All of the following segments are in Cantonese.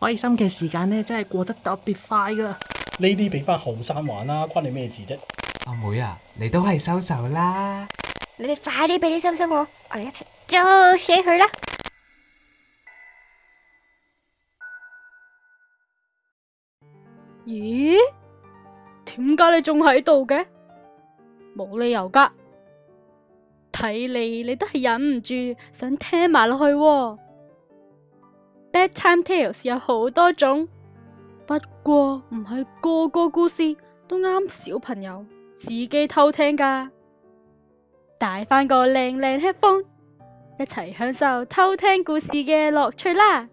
開心嘅時間呢，真係過得特別快噶。呢啲畀翻後生玩啦，關你咩事啫？阿妹啊，你都係收手啦。你哋快啲畀啲心心我，我哋一齊做死佢啦。咦？點解你仲喺度嘅？冇理由噶，睇嚟你都係忍唔住想聽埋落去喎、啊。bedtime tales 有好多種，不過唔係個個故事都啱小朋友自己偷聽噶帶翻個靚靚 headphone，一齊享受偷聽故事嘅樂趣啦！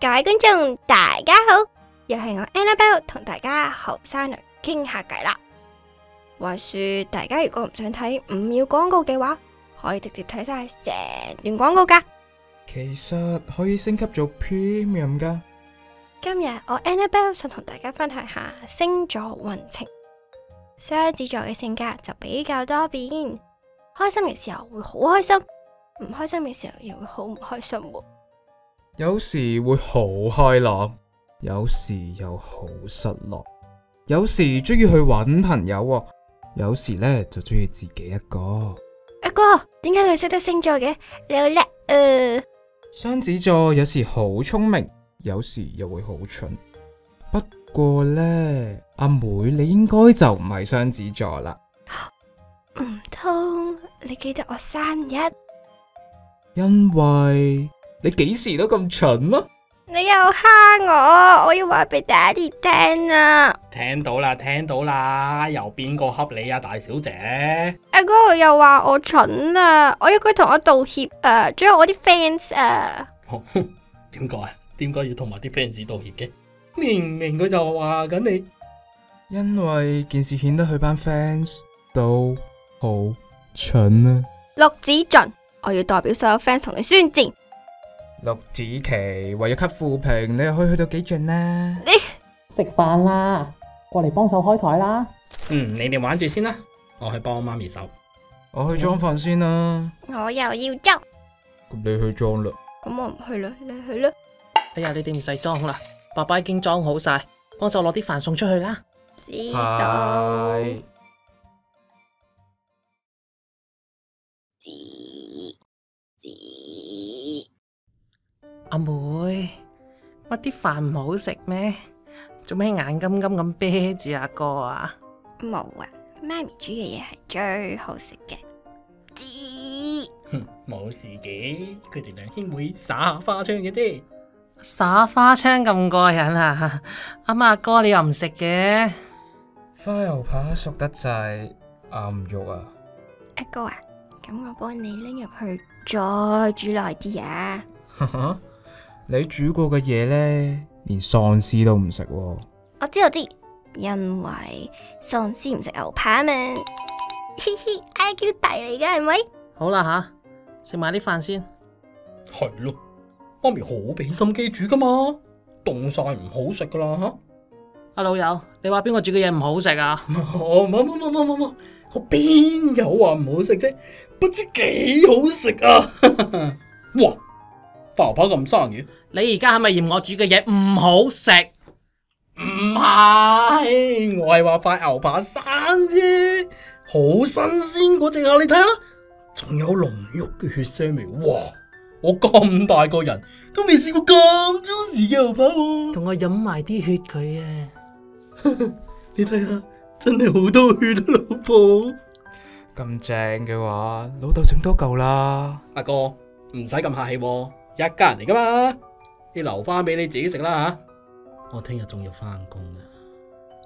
各位觀眾大家好，又係我 Annabelle 同大家後生女傾下偈啦。話說，大家如果唔想睇唔要廣告嘅話，可以直接睇晒成段廣告㗎。其實可以升級做 Premium 㗎。今日我 Annabelle 想同大家分享下星座運程。雙子座嘅性格就比較多變，開心嘅時候會好開心，唔開心嘅時候又會好唔開心。有時會好開朗，有時又好失落，有時中意去揾朋友。有時咧就中意自己一個。阿哥，點解你識得星座嘅？你好叻啊！雙子座有時好聰明，有時又會好蠢。不過咧，阿妹，你應該就唔係雙子座啦。唔通你記得我生日？因為你幾時都咁蠢咯啊。你又蝦我，我要話俾爹哋聽啊！聽到啦，聽到啦，又邊個恰你啊，大小姐？阿哥佢又話我蠢啊，我要佢同我道歉啊，仲有我啲 fans 啊！點解、哦？點解要同埋啲 fans 道歉嘅？明明佢就話緊你，因為件事顯得佢班 fans 都好蠢啊！陸子俊，我要代表所有 fans 同你宣戰。陸子琪，為咗給扶貧，你又可以去到幾盡呢？你食飯啦，過嚟幫手開台啦。嗯，你哋玩住先啦，我去幫媽咪手，我去裝飯先啦。我又要裝，咁你去裝啦。咁我唔去啦，你去啦。哎呀，你哋唔使裝啦，爸爸已經裝好晒，幫手攞啲飯送出去啦。知道。阿妹，乜啲飯唔好食咩？做咩眼金金咁啤住阿哥啊？冇啊，媽咪煮嘅嘢係最好食嘅。知。哼，冇事嘅，佢哋兩兄妹耍下花槍嘅啫。耍花槍咁過癮啊！阿媽阿哥，你又唔食嘅？花牛扒熟得滯，咬唔郁啊。阿哥啊，咁我幫你拎入去再煮耐啲啊。 你煮過嘅嘢咧，連喪屍都唔食喎。我知我知，因為喪屍唔食牛扒啊嘛。嘻嘻，IQ 弟嚟噶係咪？好啦吓，食埋啲飯先。係咯，媽咪好俾心機煮噶嘛，凍晒唔好食噶啦吓。阿老友，你話邊個煮嘅嘢唔好食啊？冇冇冇冇冇冇，我邊有話唔好食啫，不知幾好食啊！ 哇～牛扒咁生嘅，你而家係咪嫌我煮嘅嘢唔好食？唔係，我係話塊牛扒生啫，好新鮮嗰隻啊！你睇下，仲有濃郁嘅血腥味，哇！我咁大個人都未試過咁 juicy 嘅牛扒喎。同我飲埋啲血佢啊！啊 你睇下，真係好多血啊，老婆咁正嘅話，老豆整多嚿啦。阿哥唔使咁客氣啊。一家人嚟噶嘛？你留翻俾你自己食啦吓！我聽日仲要翻工啊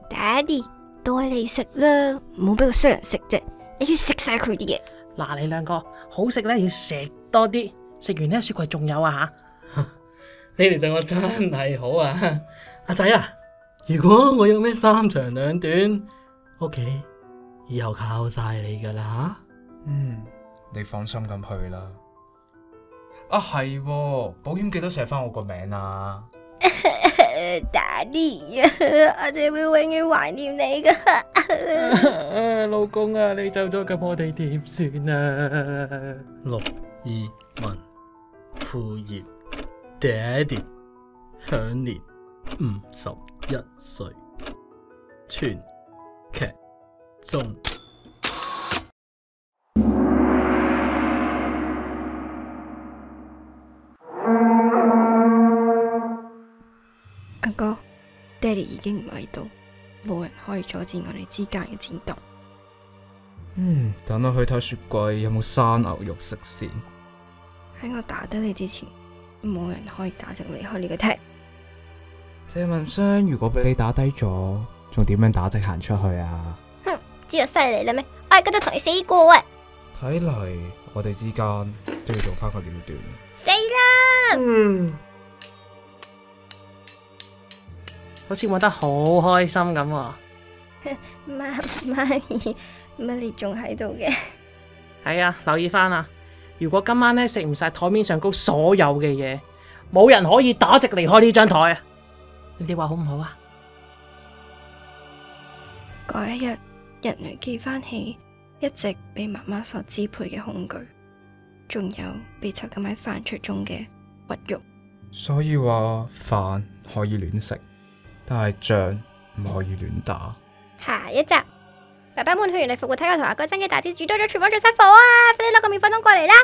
！Daddy 帶你食啦，唔好俾個衰人食啫！你要食晒佢啲嘢。嗱，你兩個好食咧，要食多啲。食完呢雪櫃仲有啊吓！你哋對我真係好啊！阿仔啊，如果我有咩三長兩短，屋企以後靠晒你噶啦吓。嗯，你放心咁去啦。啊係，保險記得寫翻我個名啊 Daddy 啊， Daddy，我哋會永遠懷念你噶、 啊。老公啊，你走咗咁我哋點算啊？六二文富業爹哋，Daddy，享年五十一歲，全劇終。爹哋已經唔喺度，冇人可以阻止我哋之間嘅戰鬥。嗯，等我去睇雪櫃有冇生牛肉食先。喺我打低你之前，冇人可以打直離開你個廳。借問聲，如果俾你打低咗，仲點樣打直行出去啊？哼，知道犀利啦咩？我係嗰度同你試過啊！睇嚟，我哋之間都要做翻個了斷。死啦！嗯好似玩得好開心咁喎！媽咪，媽你仲喺度嘅？係啊，留意翻啊！如果今晚咧食唔晒台面上高所有嘅嘢，冇人可以打直離開呢張台啊！你哋話好唔好啊？嗰一日，日女記翻起一直被媽媽所支配嘅恐懼，仲有被囚禁喺飯桌中嘅屈辱。所以話飯可以亂食。但係仗唔可以亂打。下一集，爸爸們去原嚟復活體教同阿哥爭嘅大招煮多咗廚房再失火啊！快啲攞個麵粉桶過嚟啦！